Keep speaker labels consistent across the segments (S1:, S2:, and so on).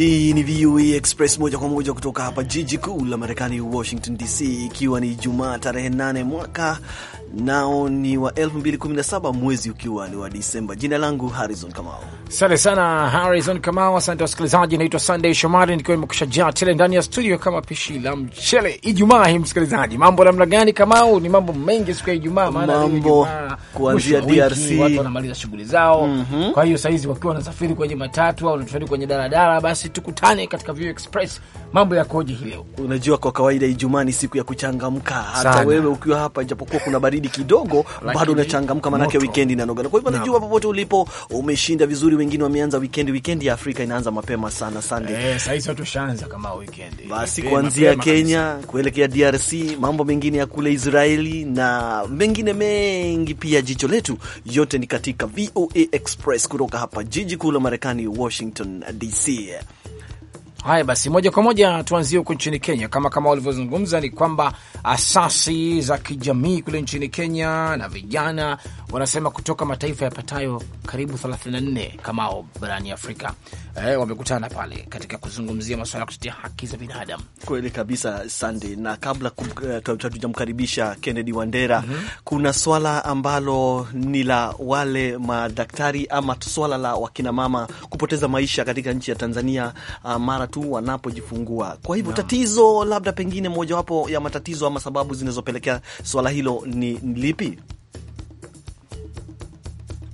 S1: Hii ni VOA e Express moja kwa moja kutoka hapa jiji kuu la Marekani, Washington DC, ikiwa ni Jumaa tarehe 8 mwaka nao ni wa 2017 mwezi ukiwa ni wa Disemba. Jina langu Harrison Kamau.
S2: Asante sana Harrison Kamau. Asante wasikilizaji, naitwa Sunday Shomari nikiwa nimekusha jaa tele ndani ya studio kama pishi la mchele. Ijumaa hii msikilizaji, mambo namna gani? Kamau, ni mambo mengi siku ya Ijumaa, maana mambo kuanzia DRC watu wanamaliza shughuli zao. Mm -hmm. Kwa hiyo saizi wakiwa wanasafiri kwenye matatu au wanasafiri kwenye daladala, basi tukutane katika View Express.
S1: Mambo yakoje hii leo? Unajua, kwa kawaida Ijumaa ni siku ya kuchangamka, hata sana wewe ukiwa hapa, ijapokuwa kuna baridi kidogo, bado unachangamka, maanake wikendi inanoga. Kwa hivyo najua popote ulipo umeshinda vizuri, wengine wameanza wikendi. Wikendi ya Afrika inaanza mapema sana sande. Eh,
S2: sasa watu tushaanza kama wikendi. Basi kuanzia Kenya
S1: kuelekea DRC, mambo mengine ya kule Israeli na mengine mengi pia, jicho letu yote ni katika VOA Express kutoka hapa jiji kuu la Marekani, Washington DC.
S2: Haya basi, moja kwa moja tuanzie huko nchini Kenya. Kama kama walivyozungumza ni kwamba asasi za kijamii kule nchini Kenya na vijana wanasema kutoka mataifa yapatayo karibu 34 kamao barani Afrika
S1: eh, wamekutana pale katika kuzungumzia masuala ya kutetea haki za binadamu. Kweli kabisa, Sande. Na kabla hatujamkaribisha eh, Kennedy Wandera, mm -hmm. kuna swala ambalo ni la wale madaktari ama swala la wakinamama kupoteza maisha katika nchi ya Tanzania uh, mara tu wanapojifungua. Kwa hivyo no. tatizo labda pengine mojawapo ya matatizo ama sababu zinazopelekea swala hilo ni lipi?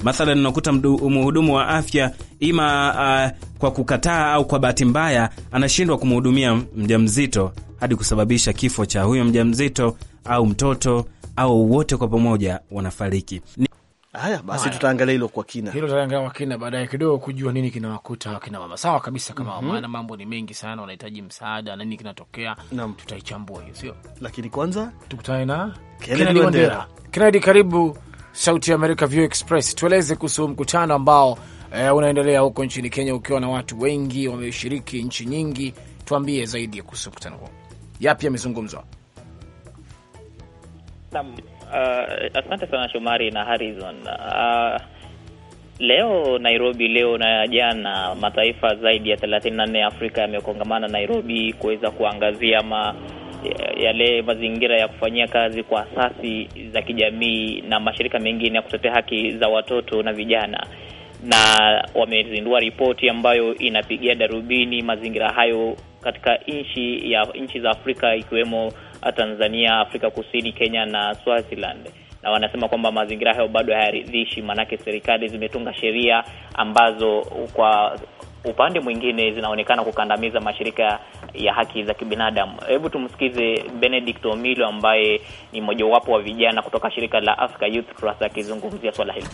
S3: Mathalan, unakuta mhudumu wa afya ima uh, kwa kukataa au kwa bahati mbaya anashindwa kumhudumia mjamzito hadi kusababisha kifo cha huyo mjamzito au mtoto au wote kwa pamoja wanafariki. Ni...
S2: Haya basi, tutaangalia hilo kwa kina, hilo tutaangalia kwa kina baadaye kidogo, kujua nini kinawakuta wakina mama. Sawa kabisa, kama mm -hmm. Maana mambo ni mengi sana, wanahitaji msaada, nini kinatokea, tutaichambua hiyo,
S1: sio lakini kwanza tukutane na
S2: Kennedy Wandera. Kennedy, karibu Sauti ya Amerika View Express, tueleze kuhusu mkutano ambao e, unaendelea huko nchini Kenya ukiwa na watu wengi wameshiriki nchi nyingi. Tuambie zaidi kuhusu mkutano huo, yapi yamezungumzwa?
S4: Uh, asante sana Shomari na Harrison. Uh, leo Nairobi, leo na jana mataifa zaidi ya 34 ya Afrika yamekongamana Nairobi kuweza kuangazia ma Eh, yale mazingira ya kufanyia kazi kwa asasi za kijamii na mashirika mengine ya kutetea haki za watoto na vijana, na wamezindua ripoti ambayo inapigia darubini mazingira hayo katika nchi ya nchi za Afrika ikiwemo ah, Tanzania, Afrika Kusini, Kenya na Swaziland na wanasema kwamba mazingira hayo bado hayaridhishi, maanake serikali zimetunga sheria ambazo kwa upande mwingine zinaonekana kukandamiza mashirika ya haki za kibinadamu. Hebu tumsikize Benedict Omilo ambaye ni mojawapo wa vijana kutoka shirika la Africa Youth Trust akizungumzia swala hili.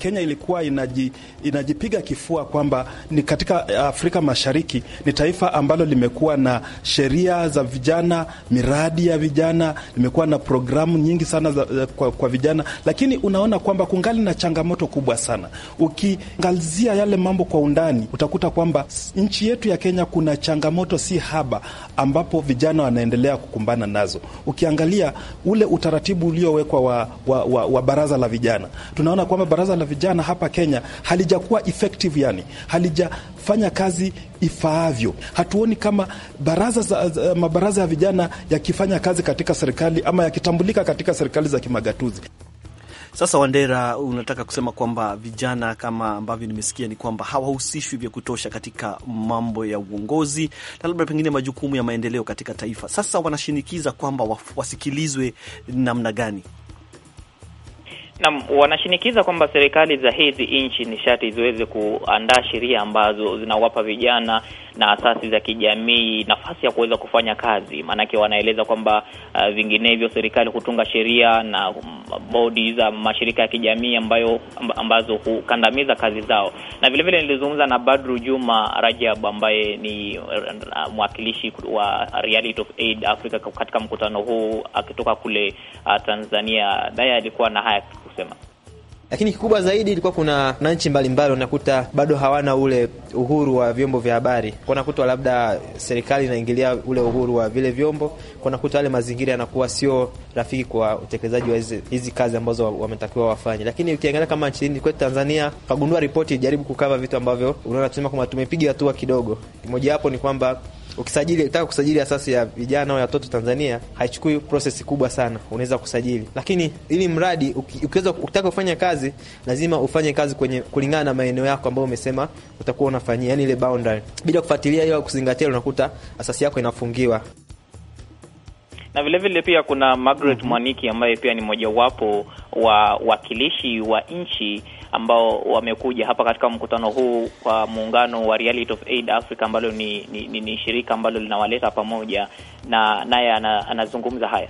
S3: Kenya ilikuwa inaji, inajipiga kifua kwamba ni katika eh, Afrika Mashariki ni taifa ambalo limekuwa na sheria za vijana, miradi ya vijana, limekuwa na programu nyingi sana za, za, eh, kwa, kwa vijana, lakini unaona kwamba kungali na changamoto kubwa sana. Ukiangazia yale mambo kwa undani, utakuta kwamba nchi yetu ya Kenya kuna changamoto si haba ambapo vijana wanaendelea kukumbana nazo. Ukiangalia ule utaratibu uliowekwa wa, wa, wa, wa baraza la vijana, tunaona kwamba baraza la vijana hapa Kenya halijakuwa effective, yani halijafanya kazi ifaavyo. Hatuoni kama baraza za, za, mabaraza ya vijana yakifanya kazi katika serikali ama yakitambulika katika serikali za kimagatuzi.
S1: Sasa Wandera, unataka kusema kwamba vijana kama ambavyo nimesikia ni kwamba hawahusishwi vya kutosha katika mambo ya uongozi na labda pengine majukumu ya maendeleo katika taifa. Sasa wanashinikiza kwamba wasikilizwe namna gani?
S4: Naam, wanashinikiza kwamba serikali za hizi nchi nishati ziweze kuandaa sheria ambazo zinawapa vijana na asasi za kijamii nafasi ya kuweza kufanya kazi, maanake wanaeleza kwamba uh, vinginevyo serikali hutunga sheria na um, bodi za mashirika ya kijamii ambayo ambazo hukandamiza kazi zao. Na vile vile nilizungumza na Badru Juma Rajab ambaye ni uh, mwakilishi wa Reality of Aid Africa katika mkutano huu akitoka kule uh, Tanzania, naye alikuwa na haya kusema.
S1: Lakini kikubwa zaidi ilikuwa kuna na nchi mbalimbali unakuta bado hawana ule uhuru wa vyombo vya habari, kunakutwa labda serikali inaingilia ule uhuru wa vile vyombo, kunakuta wale mazingira yanakuwa sio rafiki kwa utekelezaji wa hizi kazi ambazo wametakiwa wafanye. Lakini ukiangalia kama nchini kwetu Tanzania, kagundua ripoti jaribu kukava vitu ambavyo unaona tunasema kwamba tumepiga hatua kidogo. Mojawapo ni kwamba Ukisajili, ukitaka kusajili asasi ya vijana au watoto Tanzania, haichukui process kubwa sana, unaweza kusajili. Lakini ili mradi ukiweza, ukitaka kufanya kazi, lazima ufanye kazi kwenye kulingana na maeneo yako ambayo umesema utakuwa unafanyia, yani ile boundary. Bila kufuatilia hiyo, kuzingatia, unakuta asasi yako inafungiwa
S4: na vile vile pia kuna Margaret mhm. Mwaniki ambaye pia ni mojawapo wa wakilishi wa nchi ambao wamekuja hapa katika mkutano huu kwa muungano wa Reality of Aid Africa ambalo ni, ni, ni, ni shirika ambalo linawaleta pamoja na naye anazungumza haya.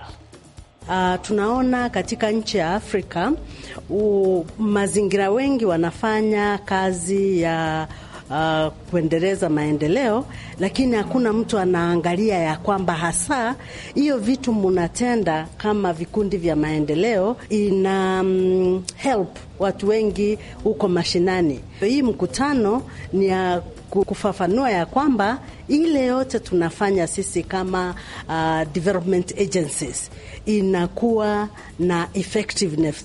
S5: Uh, tunaona katika nchi ya Afrika u, mazingira wengi wanafanya kazi ya uh, kuendeleza maendeleo, lakini hakuna mtu anaangalia ya kwamba hasa hiyo vitu munatenda kama vikundi vya maendeleo ina um, help watu wengi huko mashinani. Hii mkutano ni ya kufafanua ya kwamba ile yote tunafanya sisi kama uh, development agencies inakuwa na effectiveness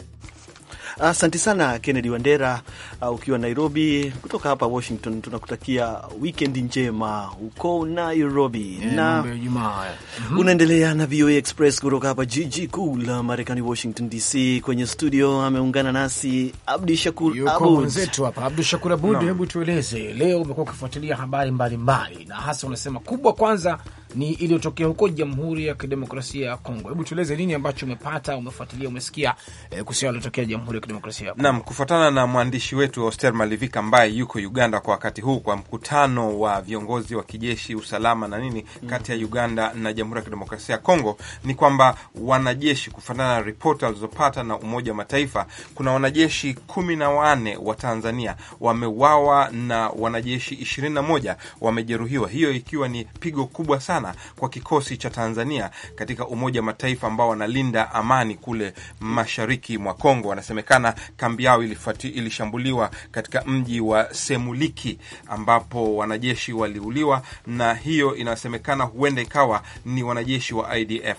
S1: Asante sana Kennedy Wandera uh, ukiwa Nairobi. Kutoka hapa Washington tunakutakia wikendi njema huko Nairobi yeah, na mm-hmm. Unaendelea na VOA Express kutoka hapa jiji kuu la Marekani, Washington DC. Kwenye studio ameungana nasi Abdu Shakur Abud
S2: hapa. Abdu Shakur Abud, hebu tueleze leo, umekuwa ukifuatilia habari mbalimbali mbali, na hasa unasema kubwa kwanza ni iliyotokea huko Jamhuri ya Kidemokrasia ya Kongo. Hebu tueleze nini ambacho umepata, umefuatilia, umesikia eh, kuhusiana yaliyotokea Jamhuri ya
S6: Kidemokrasia ya Kongo. Naam, kufuatana na mwandishi wetu Oster Malivika ambaye yuko Uganda kwa wakati huu kwa mkutano wa viongozi wa kijeshi, usalama na nini mm-hmm. kati ya Uganda na Jamhuri ya Kidemokrasia ya Kongo, ni kwamba wanajeshi, kufuatana na ripoti alizopata na Umoja wa Mataifa, kuna wanajeshi kumi na wanne wa Tanzania wameuawa na wanajeshi ishirini na moja wamejeruhiwa, hiyo ikiwa ni pigo kubwa sana sana kwa kikosi cha Tanzania katika Umoja wa Mataifa ambao wanalinda amani kule mashariki mwa Kongo. Wanasemekana kambi yao ilishambuliwa katika mji wa Semuliki ambapo wanajeshi waliuliwa, na hiyo inasemekana huenda ikawa ni wanajeshi wa IDF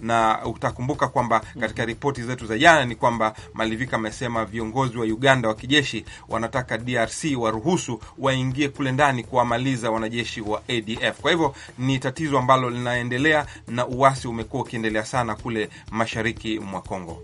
S6: na utakumbuka kwamba katika ripoti zetu za jana ni kwamba Malivika amesema viongozi wa Uganda wa kijeshi wanataka DRC waruhusu waingie kule ndani kuwamaliza wanajeshi wa ADF. Kwa hivyo ni tatizo ambalo linaendelea na uasi umekuwa ukiendelea sana kule mashariki mwa Kongo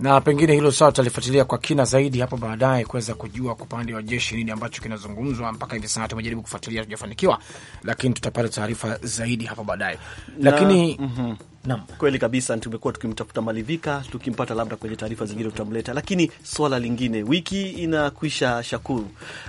S2: na pengine hilo sawa, tutalifuatilia kwa kina zaidi hapo baadaye kuweza kujua kwa upande wa jeshi nini ambacho kinazungumzwa. Mpaka hivi sasa tumejaribu
S1: kufuatilia, tujafanikiwa, lakini tutapata taarifa zaidi hapo baadaye. Lakini
S2: mm -hmm. Naam,
S1: kweli kabisa. Tumekuwa tukimtafuta Malivika, tukimpata labda kwenye taarifa zingine tutamleta, lakini swala lingine, wiki inakwisha shakuru.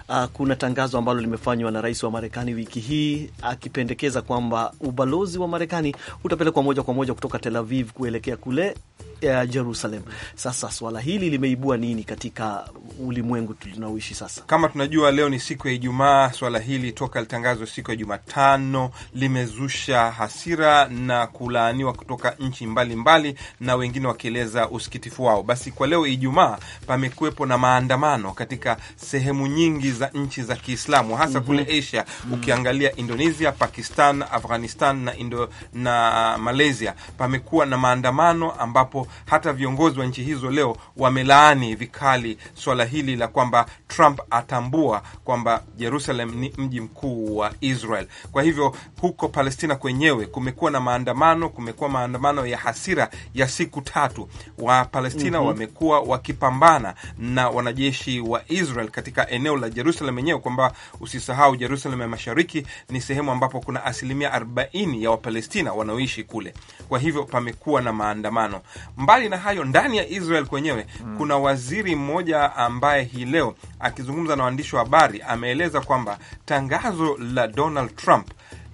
S1: Uh, kuna tangazo ambalo limefanywa na rais wa Marekani wiki hii akipendekeza uh, kwamba ubalozi wa Marekani utapelekwa moja kwa moja kutoka Tel Aviv kuelekea kule uh, Jerusalem. Sasa swala hili limeibua
S6: nini katika ulimwengu tunaoishi sasa? Kama tunajua leo ni siku ya Ijumaa, swala hili toka litangazwe siku ya Jumatano limezusha hasira na kulaaniwa kutoka nchi mbalimbali na wengine wakieleza usikitifu wao. Basi kwa leo Ijumaa pamekuwepo na maandamano katika sehemu nyingi za nchi za Kiislamu hasa mm -hmm. kule Asia mm -hmm. ukiangalia Indonesia, Pakistan, Afghanistan na, Indo na Malaysia pamekuwa na maandamano ambapo hata viongozi wa nchi hizo leo wamelaani vikali swala hili la kwamba Trump atambua kwamba Jerusalem ni mji mkuu wa Israel. Kwa hivyo huko Palestina kwenyewe kumekuwa na maandamano, kumekuwa maandamano ya hasira ya siku tatu. Wapalestina mm -hmm. wamekuwa wakipambana na wanajeshi wa Israel katika eneo la Jerusalem yenyewe, kwamba usisahau Jerusalem ya mashariki ni sehemu ambapo kuna asilimia 40 ya Wapalestina wanaoishi kule. Kwa hivyo pamekuwa na maandamano. Mbali na hayo, ndani ya Israel kwenyewe mm. kuna waziri mmoja ambaye hii leo akizungumza na waandishi wa habari ameeleza kwamba tangazo la Donald Trump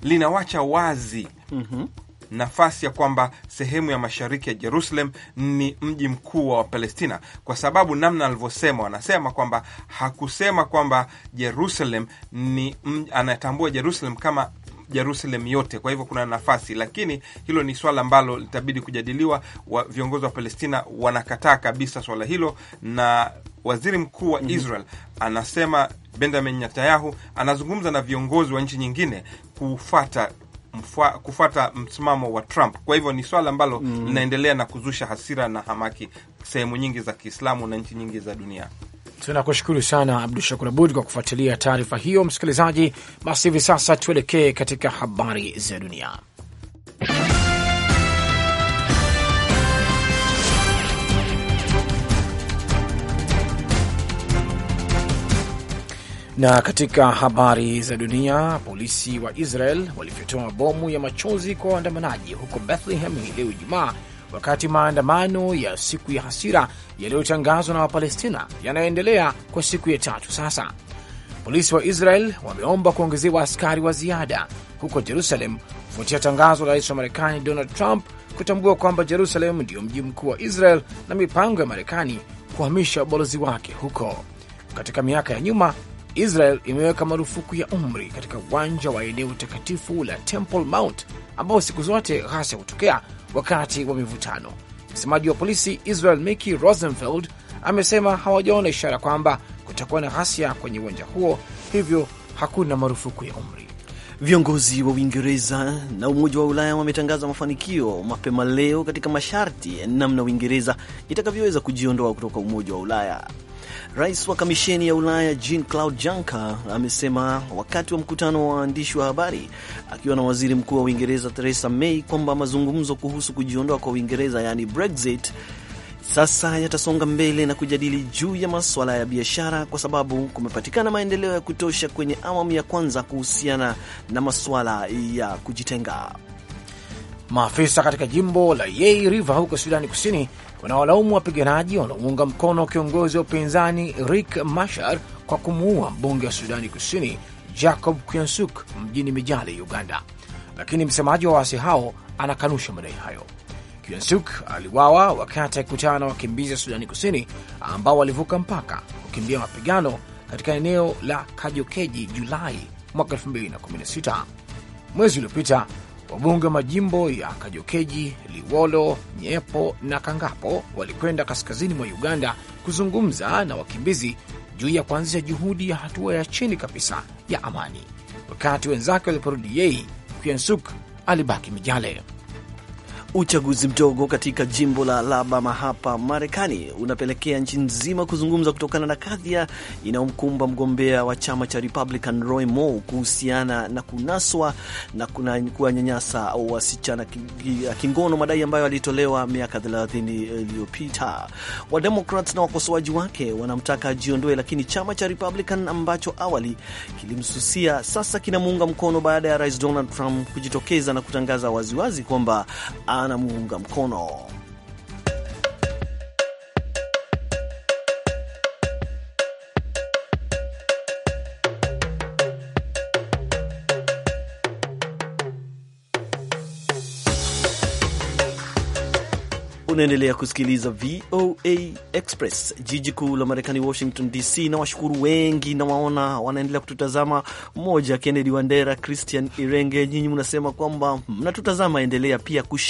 S6: linawacha wazi mm -hmm nafasi ya kwamba sehemu ya mashariki ya Jerusalem ni mji mkuu wa Wapalestina, kwa sababu namna alivyosema, wanasema kwamba hakusema kwamba Jerusalem ni anatambua Jerusalem kama Jerusalem yote. Kwa hivyo kuna nafasi, lakini hilo ni swala ambalo litabidi kujadiliwa. Wa viongozi wa Palestina wanakataa kabisa swala hilo, na waziri mkuu wa mhm. Israel anasema Benjamin Netanyahu anazungumza na viongozi wa nchi nyingine kufata mfua, kufuata msimamo wa Trump. Kwa hivyo ni swala ambalo mm. linaendelea mm, na kuzusha hasira na hamaki sehemu nyingi za Kiislamu na nchi nyingi za dunia.
S2: Tunakushukuru sana Abdu Shakur Abud kwa kufuatilia taarifa hiyo. Msikilizaji, basi hivi sasa tuelekee katika habari za dunia. Na katika habari za dunia, polisi wa Israel walivyotoa mabomu ya machozi kwa waandamanaji huko Bethlehem hii leo Ijumaa, wakati maandamano ya siku ya hasira yaliyotangazwa na Wapalestina yanaendelea kwa siku ya tatu sasa. Polisi wa Israel wameomba kuongezewa askari wa ziada huko Jerusalem kufuatia tangazo la rais wa Marekani Donald Trump kutambua kwamba Jerusalem ndiyo mji mkuu wa Israel na mipango ya Marekani kuhamisha ubalozi wake huko. Katika miaka ya nyuma Israel imeweka marufuku ya umri katika uwanja wa eneo takatifu la Temple Mount ambao siku zote ghasia hutokea wakati wa mivutano. Msemaji wa polisi Israel Miki Rosenfeld amesema hawajaona ishara kwamba kutakuwa na ghasia kwenye uwanja huo, hivyo hakuna marufuku
S1: ya umri. Viongozi wa Uingereza na Umoja wa Ulaya wametangaza mafanikio mapema leo katika masharti namna Uingereza itakavyoweza kujiondoa kutoka Umoja wa Ulaya. Rais wa Kamisheni ya Ulaya Jean Claude Juncker amesema wakati wa mkutano wa waandishi wa habari akiwa na waziri mkuu wa Uingereza Theresa May kwamba mazungumzo kuhusu kujiondoa kwa Uingereza yaani Brexit sasa yatasonga mbele na kujadili juu ya maswala ya biashara kwa sababu kumepatikana maendeleo ya kutosha kwenye awamu ya kwanza kuhusiana na maswala ya kujitenga.
S2: Maafisa katika jimbo la Yei River huko Sudani Kusini wanawalaumu wapiganaji wanaounga mkono kiongozi wa upinzani rik mashar kwa kumuua mbunge wa Sudani Kusini Jacob Kyansuk mjini Mijale, Uganda, lakini msemaji wa waasi hao anakanusha madai hayo. Kyansuk aliwawa wakati akikutana na wakimbizi wa Sudani Kusini ambao walivuka mpaka kukimbia mapigano katika eneo la Kajokeji Julai mwaka 2016. Mwezi uliopita Wabunge wa majimbo ya Kajokeji, Liwolo, Nyepo na Kangapo walikwenda kaskazini mwa Uganda kuzungumza na wakimbizi juu ya kuanzisha juhudi ya hatua ya chini kabisa ya amani,
S1: wakati wenzake waliporudi, yei Kyensuk alibaki Mijale. Uchaguzi mdogo katika jimbo la Alabama hapa Marekani unapelekea nchi nzima kuzungumza kutokana na kadhia inayomkumba mgombea wa chama cha Republican Roy Moore kuhusiana na kunaswa na kuwanyanyasa wasichana kingono, madai ambayo alitolewa miaka 30 iliyopita. Wademokrat na wakosoaji wake wanamtaka ajiondoe, lakini chama cha Republican ambacho awali kilimsusia sasa kinamuunga mkono baada ya Rais Donald Trump kujitokeza na kutangaza waziwazi kwamba anamuunga mkono. Unaendelea kusikiliza VOA Express, jiji kuu la Marekani, Washington DC. Na washukuru wengi na waona wanaendelea kututazama, mmoja Kennedy Wandera, Christian Irenge, nyinyi mnasema kwamba mnatutazama, endelea pia kushare.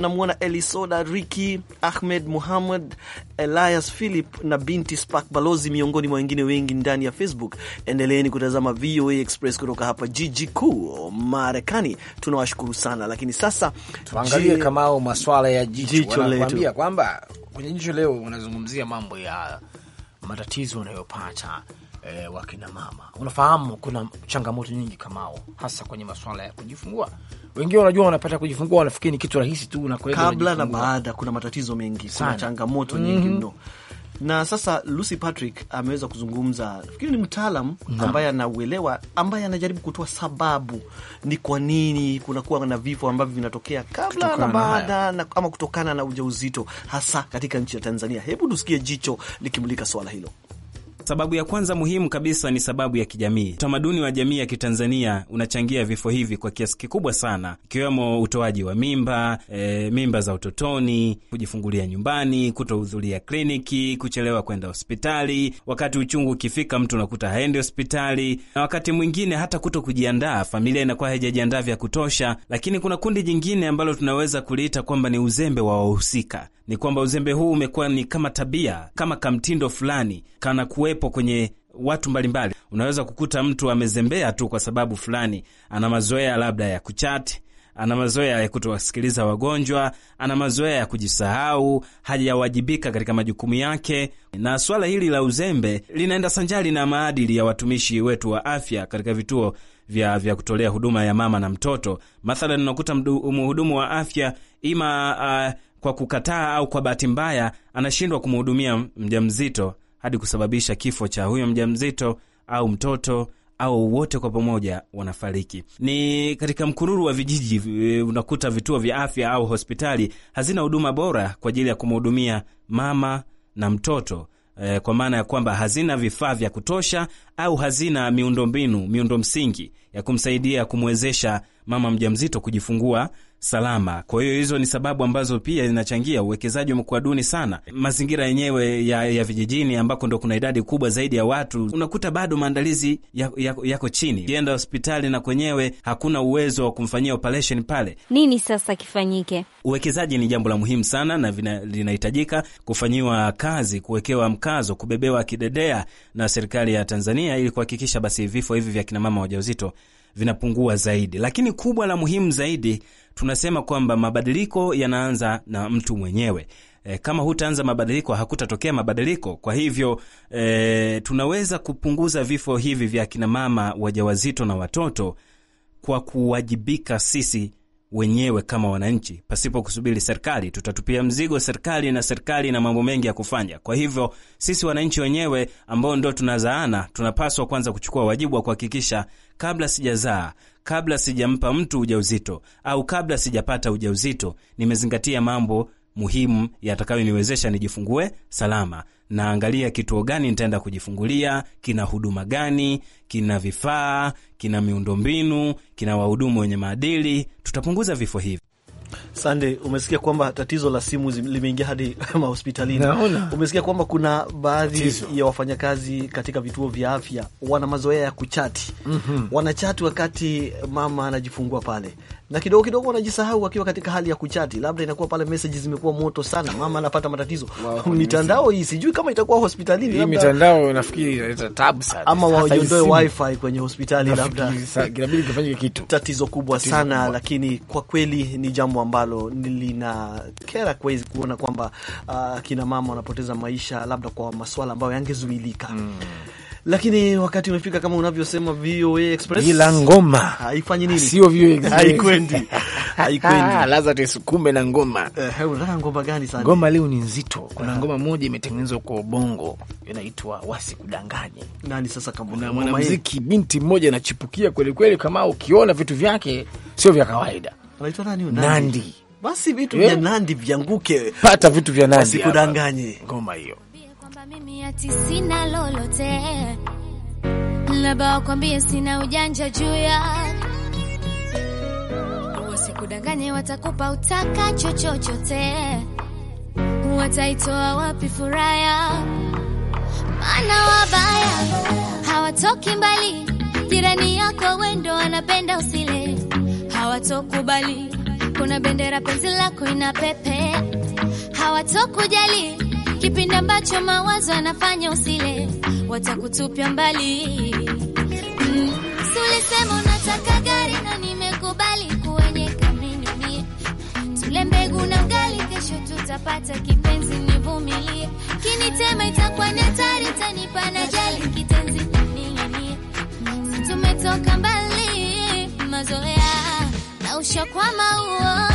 S1: Namwona Elisoda Riki, Ahmed Muhammad, Elias Philip na Binti Spark Balozi, miongoni mwa wengine wengi ndani ya Facebook. Endeleeni kutazama VOA Express kutoka hapa jiji kuu Marekani, tunawashukuru sana. Lakini sasa tuangalie kamao maswala ya jicho, jicho wanakuambia kwamba
S2: kwenye jicho leo wanazungumzia mambo ya matatizo wanayopata e, eh, wakina mama. Unafahamu kuna changamoto nyingi kamao, hasa kwenye masuala ya kujifungua. Wengine wanajua wanapata kujifungua, wanafikiri ni
S1: kitu rahisi tu, na kabla na baada kuna matatizo mengi, kuna changamoto nyingi mhm. mno mm -hmm. Na sasa Lucy Patrick ameweza kuzungumza, fikiri ni mtaalam ambaye anauelewa, ambaye anajaribu kutoa sababu ni kwa nini kunakuwa na vifo ambavyo vinatokea kabla na baada ama kutokana na ujauzito, hasa katika nchi ya Tanzania. Hebu tusikie jicho
S3: likimulika swala hilo. Sababu ya kwanza muhimu kabisa ni sababu ya kijamii. Utamaduni wa jamii ya Kitanzania unachangia vifo hivi kwa kiasi kikubwa sana, ikiwemo utoaji wa mimba, e, mimba za utotoni, kujifungulia nyumbani, kutohudhuria kliniki, kuchelewa kwenda hospitali, wakati uchungu ukifika mtu unakuta haendi hospitali, na wakati mwingine hata kuto kujiandaa, familia inakuwa haijajiandaa vya kutosha. Lakini kuna kundi jingine ambalo tunaweza kuliita kwamba ni uzembe wa wahusika ni kwamba uzembe huu umekuwa ni kama tabia, kama kamtindo fulani kana kuwepo kwenye watu mbalimbali. Unaweza kukuta mtu amezembea tu kwa sababu fulani, ana mazoea labda ya kuchati ana mazoea ya kutowasikiliza wagonjwa, ana mazoea ya kujisahau, hajawajibika katika majukumu yake. Na swala hili la uzembe linaenda sanjari na maadili ya watumishi wetu wa afya katika vituo vya, vya kutolea huduma ya mama na mtoto. Mathalan, unakuta mhudumu wa afya ima uh, kwa kukataa au kwa bahati mbaya anashindwa kumhudumia mjamzito hadi kusababisha kifo cha huyo mjamzito au mtoto au wote kwa pamoja wanafariki. Ni katika mkururu wa vijiji, eh, unakuta vituo vya afya au hospitali hazina huduma bora kwa ajili ya kumhudumia mama na mtoto e, kwa maana ya kwamba hazina vifaa vya kutosha au hazina miundombinu, miundo msingi ya kumsaidia kumwezesha mama mjamzito kujifungua salama. Kwa hiyo hizo ni sababu ambazo pia zinachangia uwekezaji umekuwa duni sana. Mazingira yenyewe ya, ya vijijini ambako ndo kuna idadi kubwa zaidi ya watu, unakuta bado maandalizi yako ya, ya chini. Ukienda hospitali na kwenyewe hakuna uwezo wa kumfanyia operation pale.
S7: Nini sasa kifanyike?
S3: Uwekezaji ni jambo la muhimu sana na linahitajika kufanyiwa kazi, kuwekewa mkazo, kubebewa kidedea na serikali ya Tanzania ili kuhakikisha basi vifo hivi vya kinamama wajauzito vinapungua zaidi, lakini kubwa la muhimu zaidi tunasema kwamba mabadiliko yanaanza na mtu mwenyewe. E, kama hutaanza mabadiliko hakutatokea mabadiliko. Kwa hivyo e, tunaweza kupunguza vifo hivi vya kinamama wajawazito na watoto kwa kuwajibika sisi wenyewe kama wananchi, pasipo kusubiri serikali. Tutatupia mzigo serikali, na serikali na mambo mengi ya kufanya. Kwa hivyo sisi wananchi wenyewe ambao ndo tunazaana, tunapaswa kwanza kuchukua wajibu wa kuhakikisha kabla sijazaa, kabla sijampa mtu ujauzito au kabla sijapata ujauzito, nimezingatia mambo muhimu yatakayoniwezesha nijifungue salama. Naangalia kituo gani nitaenda kujifungulia, kina huduma gani, kina vifaa, kina miundombinu, kina wahudumu wenye maadili. Tutapunguza vifo hivi. Sande, umesikia kwamba tatizo la simu limeingia hadi mahospitalini. Umesikia kwamba kuna
S1: baadhi ya wafanyakazi katika vituo vya afya wana mazoea ya kuchati mm -hmm. Wanachati wakati mama anajifungua pale na kidogo kidogo wanajisahau akiwa katika hali ya kuchati, labda inakuwa pale message zimekuwa moto sana, mama anapata matatizo wow, mitandao hii sijui kama itakuwa hospitalini, labda mitandao nafikiri inaleta tabu sana, ama waondoe wifi kwenye hospitali, labda inabidi kufanyike kitu, tatizo kubwa tatizo sana kubwa. Lakini kwa kweli ni jambo ambalo linakera kwezi kuona kwamba uh, kina mama wanapoteza maisha labda kwa maswala ambayo yangezuilika mm lakini wakati umefika kama unavyosema VOA Express bila ngoma haifanyi nini, sio VOA Express haikwendi, haikwendi, ah, lazima
S2: tusukume na ngoma. Eh, eh, unataka
S1: ngoma gani sana? Ngoma
S2: leo ni nzito. Kuna uh, ngoma moja imetengenezwa kwa ubongo inaitwa wasikudanganye. Nani sasa? Kama kuna mwanamuziki binti mmoja anachipukia kweli kweli, kama ukiona vitu vyake sio vya kawaida.
S1: Anaitwa nani? Nandi.
S7: Basi vitu yeah, vya
S2: Nandi vyanguke, pata vitu vya Nandi, wasikudanganye ngoma hiyo
S7: mimi ati sina lolote, labda wakwambie sina ujanja juu ya wasikudanganye, watakupa utaka chochochote wataitoa wapi furaya? Maana wabaya hawatoki mbali, jirani yako wendo wanapenda usile, hawatokubali kuna bendera penzi lako inapepea, hawatokujali kipindi ambacho mawazo yanafanya usile, watakutupia mbali. Mm, si unataka gari na nimekubali kuenyeka mie tule mbegu na ugali, kesho tutapata kipenzi, nivumilie. Kinitema itakuwa ni hatari, tanipa na jali kitenzi, tumetoka mbali, mazoea na ushakwama huo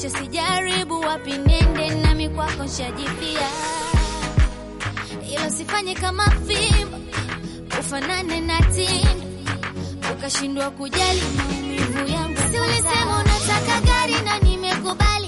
S7: Wacha sijaribu wapi nende nami kwako nshajipia, ilo kama fimbo ufanane na tindo, ukashindwa kujali maumivu yangu. Si ulisema unataka gari na nimekubali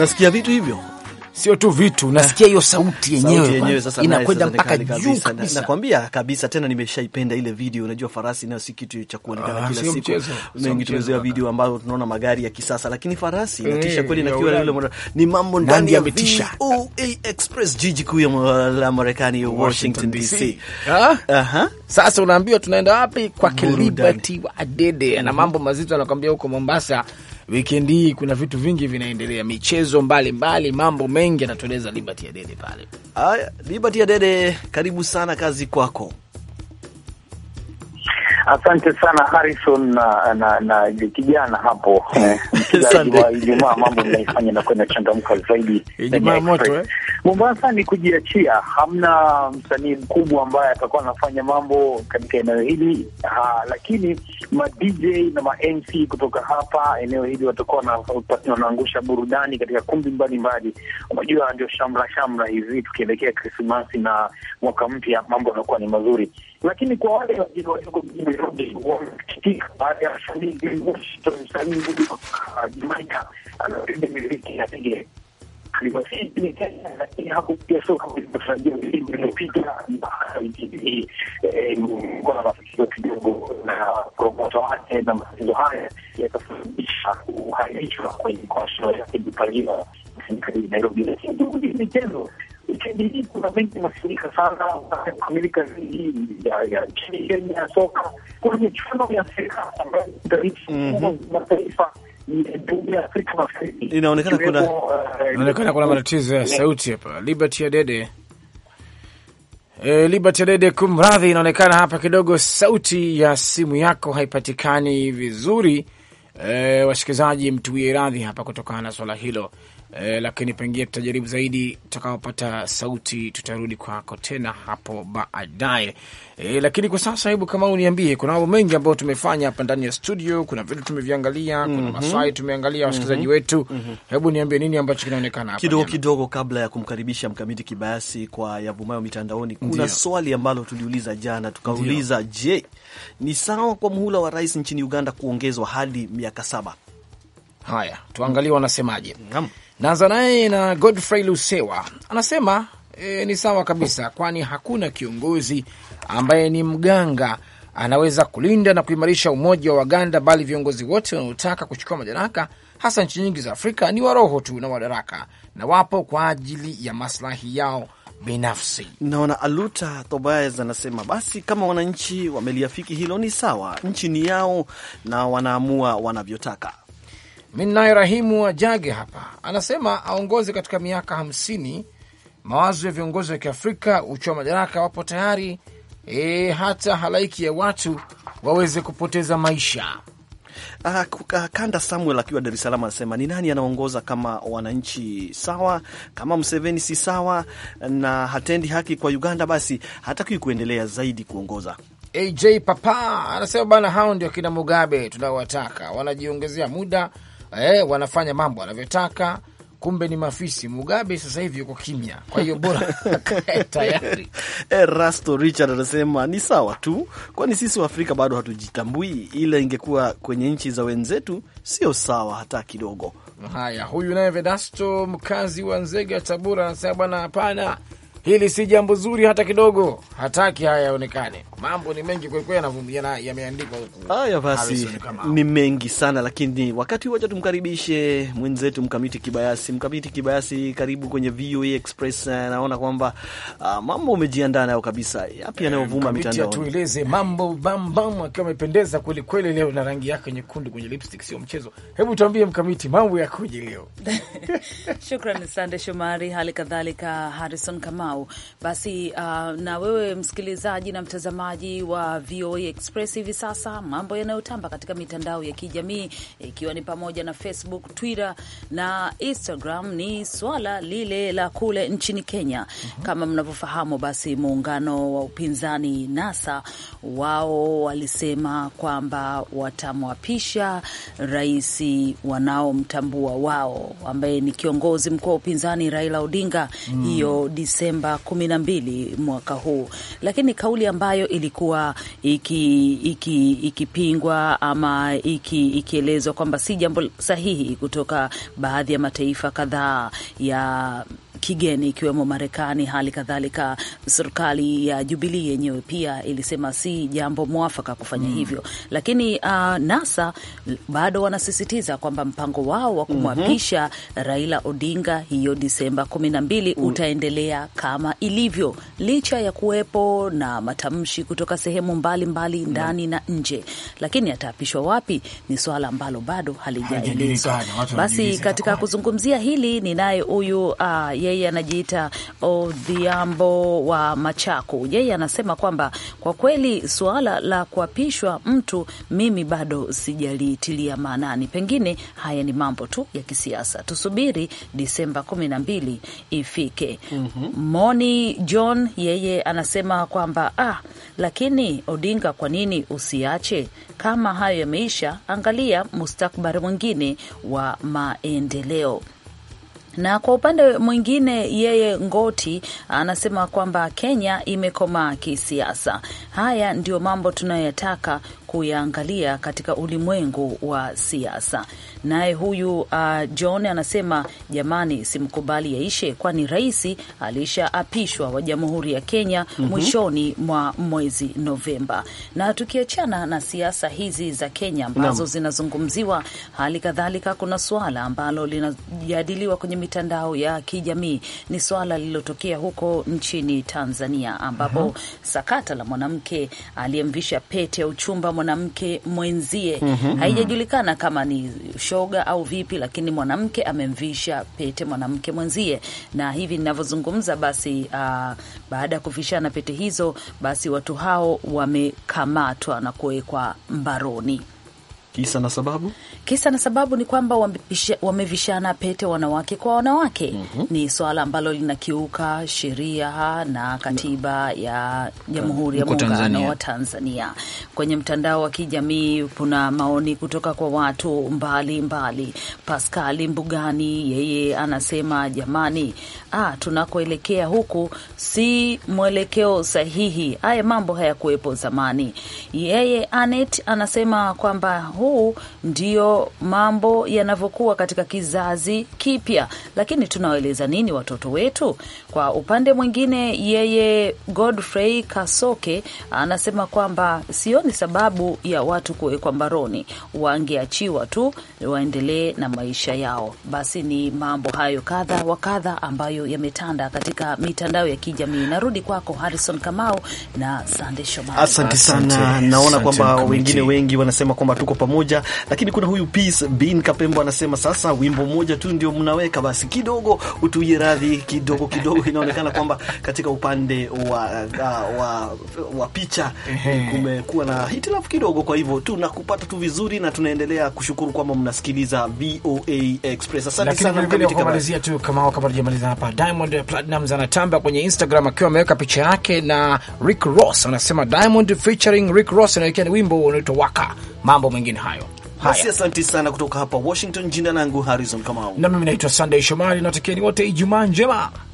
S1: unasikia vitu hivyo Sio
S2: tu vitu nasikia hiyo sauti yenyewe inakwenda mpaka juu kabisa, nakwambia
S1: kabisa. Tena nimeshaipenda ile video. Unajua farasi nayo si kitu cha kuonekana ah, kila siku, mengi tumezoea video ambayo tunaona magari ya kisasa, lakini farasi inatisha eh, kweli. Na kiwa yule ni mambo ndani ya vitisha VOA Express, jiji kuu la Marekani, Washington DC. Ah? Sasa unaambiwa tunaenda wapi? Kwake Liberty Adede na mambo
S2: mazito anakwambia huko Mombasa wikendi hii kuna vitu vingi vinaendelea, michezo mbalimbali,
S1: mambo mengi anatueleza Liberty ya Dede pale. Haya, Liberty ya Dede, karibu sana, kazi kwako.
S8: Asante sana Harrison na, na, na kijana hapo Ijumaa mambo mnaifanya na kwenda changamka zaidi.
S5: Ijumaa moto
S8: eh, Mombasa ni kujiachia, hamna msanii mkubwa ambaye atakuwa anafanya mambo katika eneo hili ha, lakini ma DJ na ma MC kutoka hapa eneo hili watakuwa wanaangusha burudani katika kumbi mbalimbali. Unajua, ndio shamra shamra hizi, tukielekea Krismasi na mwaka mpya, mambo yanakuwa ni mazuri, lakini kwa wale walioko mjini Nairobi wamesikitika baada ya msanii msanii Jamaica amependa miziki ya reggae. Eh, kidogo na promota wake, na matatizo haya yakasababisha kuhairishwa kwenye kwasho yake ilipangiwa kufanyika Nairobi. Lakini juhudi michezo wikendi hii kuna mengi mafurika sana kukamilika zaidi ya nchini Kenya ya soka. Kuna michuano ya Afrika ambayo mhm. mataifa
S1: Inaonekana
S2: kuna inaonekana kuna matatizo ya sauti hapa. Liberty ya Dede eh, Liberty Dede, kumradhi, inaonekana hapa kidogo sauti ya simu yako haipatikani vizuri. Eh, washikizaji, mtuwie radhi hapa kutokana na swala hilo, eh, lakini pengine tutajaribu zaidi tutakapopata sauti, tutarudi kwako tena hapo baadaye. Eh, lakini kwa sasa, hebu kama uniambie, kuna mambo mengi ambayo tumefanya hapa ndani ya studio, kuna vitu
S1: tumeviangalia, mm -hmm.
S2: kuna mhm. maswali tumeangalia, mhm. wasikilizaji mm -hmm. wetu mm -hmm. hebu niambie nini ambacho kinaonekana
S1: hapa kidogo kidogo, kabla ya kumkaribisha mkamiti kibayasi kwa yavumayo mitandaoni. Kuna Ndiyo. swali ambalo tuliuliza jana, tukauliza, je, ni sawa kwa muhula wa rais nchini Uganda kuongezwa hadi miaka saba? Haya, tuangalie wanasemaje. mm -hmm. Naanza naye na
S2: Godfrey Lusewa anasema e, ni sawa kabisa, kwani hakuna kiongozi ambaye ni mganga anaweza kulinda na kuimarisha umoja wa Waganda, bali viongozi wote wanaotaka kuchukua madaraka hasa nchi nyingi za Afrika ni waroho tu na wadaraka, na
S1: wapo kwa ajili ya maslahi yao binafsi. Naona Aluta Tobias anasema basi, kama wananchi wameliafiki hilo ni sawa, nchi ni yao na wanaamua wanavyotaka. Mimi naye Rahimu ajage hapa anasema aongoze katika
S2: miaka hamsini. Mawazo ya viongozi wa Kiafrika uchoa madaraka wapo tayari
S1: e, hata halaiki ya watu waweze kupoteza maisha. Uh, Kanda Samuel akiwa Dar es Salaam anasema ni nani anaongoza kama wananchi sawa, kama Mseveni si sawa na hatendi haki kwa Uganda, basi hatakiwi kuendelea zaidi kuongoza.
S2: AJ Papa anasema bana, hao ndio kina Mugabe tunaowataka, wanajiongezea muda eh, wanafanya mambo wanavyotaka kumbe ni mafisi. Mugabe sasa hivi yuko kimya, kwa hiyo bora
S1: tayari. Erasto eh, Richard anasema ni sawa tu, kwani sisi Waafrika bado hatujitambui, ila ingekuwa kwenye nchi za wenzetu sio sawa hata kidogo.
S2: Haya, huyu naye Vedasto, mkazi wa Nzega, Tabora, anasema bwana, hapana Hili si jambo zuri hata kidogo, hataki haya yaonekane. Mambo ni mengi kwelikweli, yanavumiana yameandikwa huku.
S1: Haya basi, ni mengi sana, lakini wakati huoja tumkaribishe mwenzetu Mkamiti Kibayasi. Mkamiti Kibayasi, karibu kwenye VOA Express. Naona kwamba uh, mambo umejiandaa nayo kabisa, yapi
S2: yanayovuma eh, mitandaoni? Tueleze mambo bambam, akiwa amependeza kwelikweli leo na rangi yake nyekundu kwenye lipstick, sio mchezo. Hebu tuambie Mkamiti, mambo yakoje leo?
S5: Shukrani Sande Shomari, hali kadhalika Harrison Kamau. Kamau. Basi uh, na wewe msikilizaji na mtazamaji wa VOA Express, hivi sasa mambo yanayotamba katika mitandao ya kijamii ikiwa ni pamoja na Facebook, Twitter na Instagram ni swala lile la kule nchini Kenya. mm -hmm. Kama mnavyofahamu, basi muungano wa upinzani NASA wao walisema kwamba watamwapisha rais wanaomtambua wao ambaye ni kiongozi mkuu wa upinzani Raila Odinga mm. hiyo mm. Novemba 12 mwaka huu, lakini kauli ambayo ilikuwa ikipingwa iki, iki ama ikielezwa kwamba si jambo sahihi kutoka baadhi ya mataifa kadhaa ya kigeni ikiwemo Marekani. Hali kadhalika serikali ya Jubilii yenyewe pia ilisema si jambo mwafaka kufanya mm. hivyo, lakini uh, NASA bado wanasisitiza kwamba mpango wao wa mhm. kumwapisha mm -hmm. Raila Odinga hiyo Disemba kumi na mbili mm. utaendelea kama ilivyo licha ya kuwepo na matamshi kutoka sehemu mbalimbali mbali, mm. ndani mm. na nje, lakini ataapishwa wapi ni swala ambalo bado halijaelezwa. Basi katika kuzungumzia hili ninaye huyu uh, yeye anajiita Odhiambo wa Machaku. Yeye anasema kwamba kwa kweli suala la kuapishwa mtu mimi bado sijaliitilia maanani, pengine haya ni mambo tu ya kisiasa, tusubiri Disemba kumi na mbili ifike. mm -hmm. Moni John yeye anasema kwamba ah, lakini Odinga, kwa nini usiache? Kama hayo yameisha, angalia mustakbari mwingine wa maendeleo. Na kwa upande mwingine, yeye Ngoti anasema kwamba Kenya imekomaa kisiasa. Haya ndiyo mambo tunayoyataka kuyaangalia katika ulimwengu wa siasa. Naye huyu uh, John anasema jamani, simkubali yaishe, kwani rais alishaapishwa wa Jamhuri ya Kenya mm -hmm. mwishoni mwa mwezi Novemba. Na tukiachana na siasa hizi za Kenya ambazo zinazungumziwa, hali kadhalika kuna suala ambalo linajadiliwa kwenye mitandao ya kijamii, ni suala lililotokea huko nchini Tanzania ambapo mm -hmm. sakata la mwanamke aliyemvisha pete ya uchumba mwanamke mwenzie mm -hmm. Haijajulikana kama ni shoga au vipi, lakini mwanamke amemvisha pete mwanamke mwenzie, na hivi ninavyozungumza, basi uh, baada ya kuvishana pete hizo, basi watu hao wamekamatwa na kuwekwa mbaroni. Kisa na sababu, kisa na sababu ni kwamba wamevishana pete wanawake kwa wanawake. mm -hmm. Ni swala ambalo linakiuka sheria na katiba ya Jamhuri ya Muungano wa Tanzania. Kwenye mtandao wa kijamii kuna maoni kutoka kwa watu mbalimbali mbali. Paskali Mbugani yeye anasema jamani, ah, tunakoelekea huku si mwelekeo sahihi, haya mambo hayakuwepo zamani. Yeye Anet anasema kwamba huu ndio mambo yanavyokuwa katika kizazi kipya, lakini tunawaeleza nini watoto wetu? Kwa upande mwingine, yeye Godfrey Kasoke anasema kwamba sioni sababu ya watu kuwekwa mbaroni, wangeachiwa tu waendelee na maisha yao. Basi ni mambo hayo kadha wa kadha ambayo yametanda katika mitandao ya kijamii. Narudi kwako Harrison Kamau na Sande Shomari. Asante sana, naona kwamba wengine wengi
S1: wanasema kwamba tuko pamoja pamoja. Lakini kuna huyu Peace Bin Kapembo anasema sasa wimbo mmoja tu ndio mnaweka, basi kidogo utuie radhi kidogo kidogo. Inaonekana kwamba katika upande wa, wa, ah, wa, wa picha kumekuwa na hitilafu kidogo, kwa hivyo tunakupata tu vizuri na tunaendelea kushukuru kwamba mnasikiliza VOA Express. Asante sana kumalizia
S2: tu kama wakati hajamaliza hapa, Diamond Platnumz anatamba kwenye Instagram akiwa ameweka picha yake na Rick Ross, anasema Diamond featuring Rick Ross ni wimbo unaitwa Waka. Mambo mengine hayo. Basi asante sana kutoka hapa Washington. Jina langu Harrison Kamau, na mimi naitwa Sunday Shomari, natakieni wote Ijumaa njema.